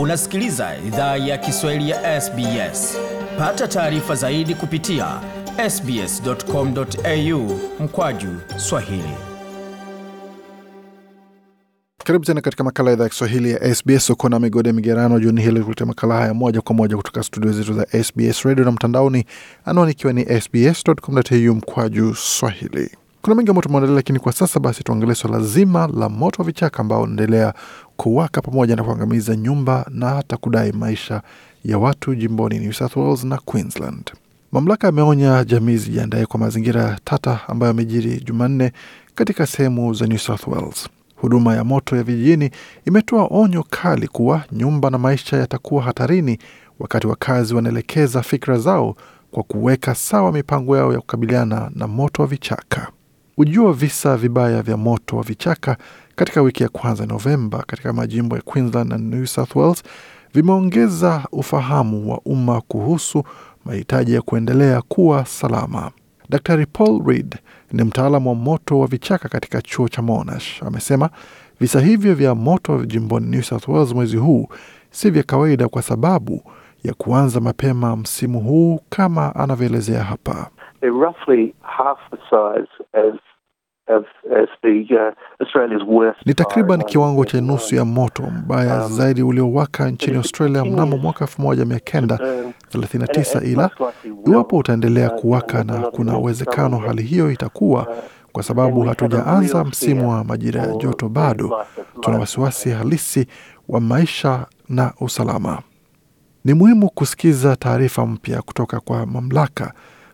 Unasikiliza idhaa ya Kiswahili ya SBS. Pata taarifa zaidi kupitia sbs.com.au mkwaju swahili. Karibu tena katika makala idhaa ya Kiswahili ya SBS. Uko na migode migerano juni hili kuletea makala haya moja kwa moja kutoka studio zetu za SBS redio na mtandaoni, anaonikiwa ni sbs.com.au mkwaju swahili. Kuna mengi ambayo tumeandalia, lakini kwa sasa basi tuangalie swala zima la moto wa vichaka ambao unaendelea kuwaka pamoja na kuangamiza nyumba na hata kudai maisha ya watu jimboni New South Wales na Queensland. Mamlaka yameonya jamii zijiandae kwa mazingira tata ambayo yamejiri Jumanne katika sehemu za New South Wales. Huduma ya moto ya vijijini imetoa onyo kali kuwa nyumba na maisha yatakuwa hatarini wakati wakazi wanaelekeza fikra zao kwa kuweka sawa mipango yao ya kukabiliana na moto wa vichaka. Ujua visa vibaya vya moto wa vichaka katika wiki ya kwanza Novemba katika majimbo ya Queensland na New South Wales vimeongeza ufahamu wa umma kuhusu mahitaji ya kuendelea kuwa salama. Daktari Paul Reid ni mtaalamu wa moto wa vichaka katika chuo cha Monash. Amesema visa hivyo vya moto jimboni New South Wales mwezi huu si vya kawaida kwa sababu ya kuanza mapema msimu huu, kama anavyoelezea hapa. They're roughly half the size as Uh, Ni takriban kiwango cha nusu ya moto mbaya um, zaidi uliowaka nchini Australia mnamo mwaka 1939 ila iwapo utaendelea uh, kuwaka, na kuna uwezekano hali hiyo itakuwa uh, kwa sababu hatujaanza msimu wa majira ya joto bado, tuna wasiwasi halisi wa maisha na usalama. Ni muhimu kusikiza taarifa mpya kutoka kwa mamlaka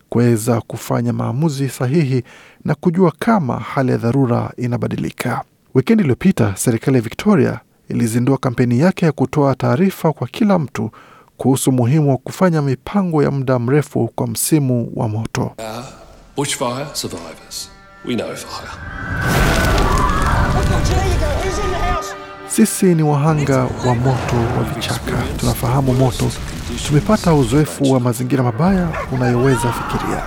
kuweza kufanya maamuzi sahihi na kujua kama hali ya dharura inabadilika. Wikendi iliyopita, serikali ya Victoria ilizindua kampeni yake ya kutoa taarifa kwa kila mtu kuhusu umuhimu wa kufanya mipango ya muda mrefu kwa msimu wa moto. Uh, sisi ni wahanga wa moto wa vichaka, tunafahamu moto, tumepata uzoefu wa mazingira mabaya unayoweza fikiria.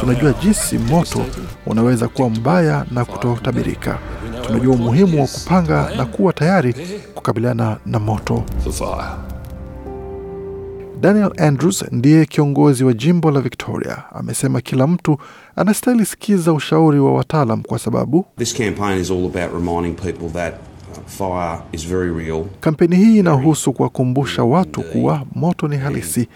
Tunajua jinsi moto unaweza kuwa mbaya na kutotabirika. Tunajua umuhimu wa kupanga na kuwa tayari kukabiliana na moto. Daniel Andrews ndiye kiongozi wa jimbo la Victoria. Amesema kila mtu anastahili sikiza ushauri wa wataalam kwa sababu Kampeni hii inahusu kuwakumbusha watu kuwa moto ni halisi,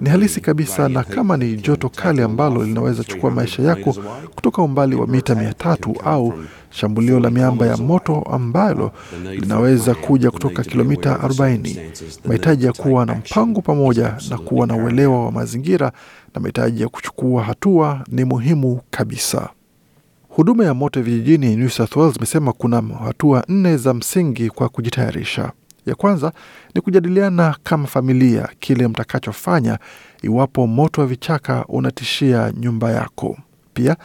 ni halisi kabisa, na kama ni joto kali ambalo linaweza chukua maisha yako kutoka umbali wa mita mia tatu au shambulio la miamba ya moto ambalo linaweza kuja kutoka kilomita 40. Mahitaji ya kuwa na mpango pamoja na kuwa na uelewa wa mazingira na mahitaji ya kuchukua hatua ni muhimu kabisa. Huduma ya moto vijijini New South Wales imesema kuna hatua nne za msingi kwa kujitayarisha. Ya kwanza ni kujadiliana kama familia kile mtakachofanya iwapo moto wa vichaka unatishia nyumba yako. Pia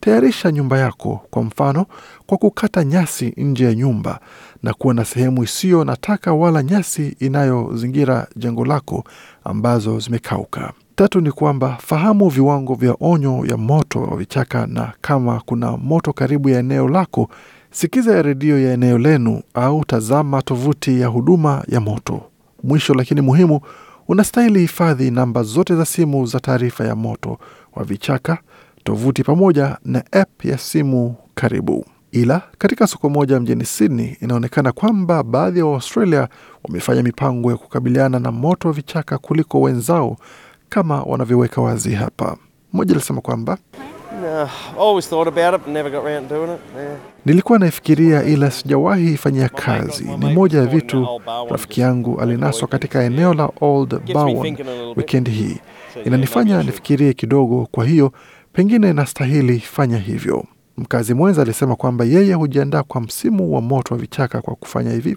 tayarisha nyumba yako, kwa mfano kwa kukata nyasi nje ya nyumba na kuwa na sehemu isiyo na taka wala nyasi inayozingira jengo lako ambazo zimekauka. Tatu ni kwamba fahamu viwango vya onyo ya moto wa vichaka, na kama kuna moto karibu ya eneo lako, sikiza ya redio ya eneo lenu au tazama tovuti ya huduma ya moto. Mwisho lakini muhimu, unastahili hifadhi namba zote za simu za taarifa ya moto wa vichaka, tovuti pamoja na app ya simu karibu. Ila katika soko moja mjini Sydney inaonekana kwamba baadhi ya wa Waustralia wamefanya mipango ya kukabiliana na moto wa vichaka kuliko wenzao kama wanavyoweka wazi hapa. Mmoja alisema kwamba nilikuwa naifikiria ila sijawahi fanyia kazi. Ni moja ya vitu rafiki yangu alinaswa katika eneo la Old Bowen wikendi hii, inanifanya nifikirie kidogo, kwa hiyo pengine nastahili fanya hivyo. Mkazi mwenza alisema kwamba yeye hujiandaa kwa msimu wa moto wa vichaka kwa kufanya hivi.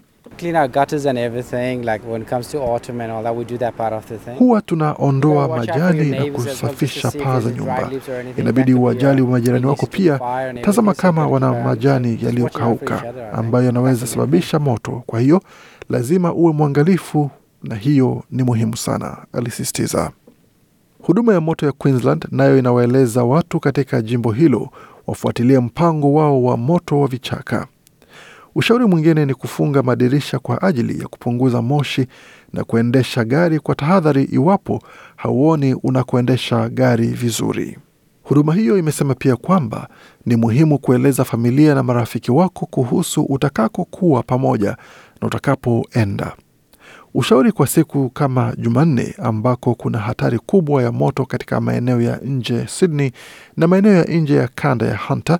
Huwa tunaondoa majani na kusafisha paa za nyumba. Inabidi uwajali wa uh, majirani wako pia. Tazama kama wana uh, majani yaliyokauka ambayo yanaweza sababisha moto, kwa hiyo lazima uwe mwangalifu, na hiyo ni muhimu sana, alisisitiza. Huduma ya moto ya Queensland nayo inawaeleza watu katika jimbo hilo wafuatilie mpango wao wa moto wa vichaka. Ushauri mwingine ni kufunga madirisha kwa ajili ya kupunguza moshi na kuendesha gari kwa tahadhari iwapo hauoni unakoendesha gari vizuri. Huduma hiyo imesema pia kwamba ni muhimu kueleza familia na marafiki wako kuhusu utakakokuwa pamoja na utakapoenda. Ushauri kwa siku kama Jumanne ambako kuna hatari kubwa ya moto katika maeneo ya nje Sydney na maeneo ya nje ya kanda ya Hunter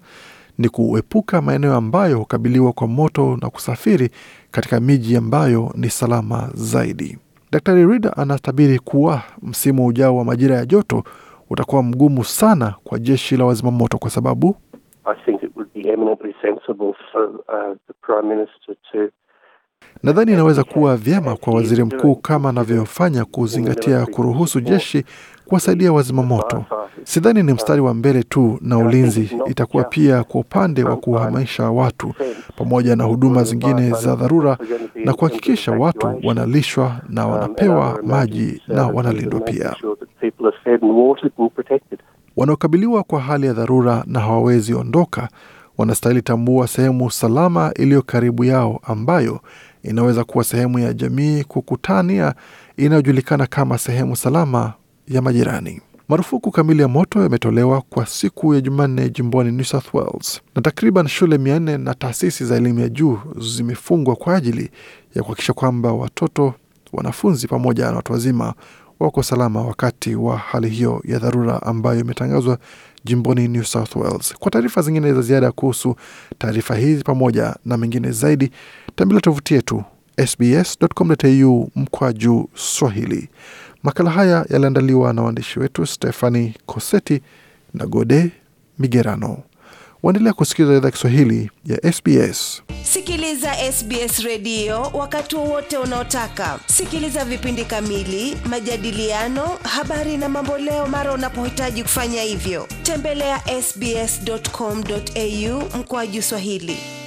ni kuepuka maeneo ambayo hukabiliwa kwa moto na kusafiri katika miji ambayo ni salama zaidi. Daktari Reid anatabiri kuwa msimu ujao wa majira ya joto utakuwa mgumu sana kwa jeshi la wazimamoto kwa sababu uh, nadhani inaweza kuwa vyema kwa waziri mkuu kama anavyofanya kuzingatia kuruhusu jeshi kuwasaidia wazimamoto Sidhani ni ah. mstari wa mbele tu na ulinzi, itakuwa pia kwa upande wa kuhamisha watu pamoja na huduma zingine za dharura na kuhakikisha watu wanalishwa na um, wanapewa maji na wanalindwa pia. Wanaokabiliwa kwa hali ya dharura na hawawezi ondoka wanastahili tambua sehemu salama iliyo karibu yao ambayo inaweza kuwa sehemu ya jamii kukutania inayojulikana kama sehemu salama ya majirani. Marufuku kamili ya moto yametolewa kwa siku ya Jumanne jimboni New South Wales, na takriban shule mia nne na taasisi za elimu ya juu zimefungwa kwa ajili ya kuhakikisha kwamba watoto, wanafunzi pamoja na watu wazima wako salama wakati wa hali hiyo ya dharura ambayo imetangazwa jimboni New South Wales. Kwa taarifa zingine za ziada kuhusu taarifa hizi pamoja na mengine zaidi, tembelea tovuti yetu sbs.com.au mkwaju Swahili. Makala haya yaliandaliwa na waandishi wetu Stefani Koseti na Gode Migerano. Waendelea kusikiliza idhaa Kiswahili ya SBS. Sikiliza SBS redio wakati wowote unaotaka. Sikiliza vipindi kamili, majadiliano, habari na mamboleo mara unapohitaji kufanya hivyo. Tembelea ya sbs.com.au mkoaji Swahili.